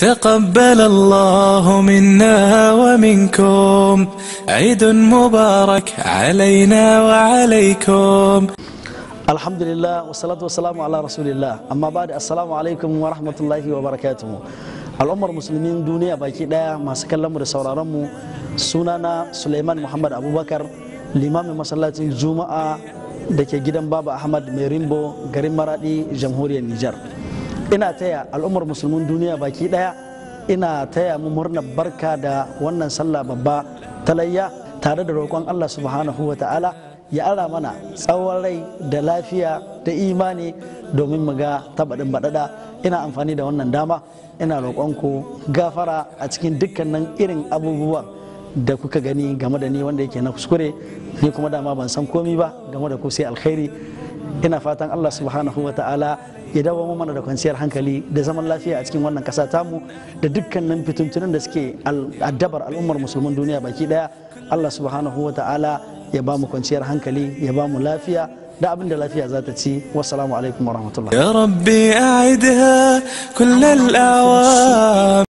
تقبل الله منا ومنكم عيد مبارك علينا وعليكم الحمد لله والصلاة والسلام على رسول الله أما بعد السلام عليكم ورحمة الله وبركاته الأمر المسلمين دوني أبا بكذا ما سكلم رسول رمو سنانا سليمان محمد أبو بكر الإمام مسلاة الجمعة دكي جدا بابا أحمد ميرينبو غريم مرادي جمهوري النيجر ina taya al'ummar musulmin duniya baki daya ina taya mu murnar barka da wannan sallah babba ta layya tare da roƙon Allah subhanahu wa ta'ala ya ara mana tsawon rai da lafiya da imani domin mu ga tabadin baɗaɗa ina amfani da wannan dama ina roƙonku gafara a cikin dukkanin irin abubuwan da kuka gani game da ni wanda yake na kuskure ni kuma dama ban san komi ba game da ku sai alkhairi ina fatan Allah subhanahu wa ta'ala ya dawo mana da kwanciyar hankali da zaman lafiya a cikin wannan kasa tamu da dukkanin fituntunan da suke addabar al'ummar musulman duniya baki daya Allah subhanahu wa ta'ala ya ba mu kwanciyar hankali ya ba mu lafiya da abin da lafiya za ta ci wasu alaikum wa rahmatullah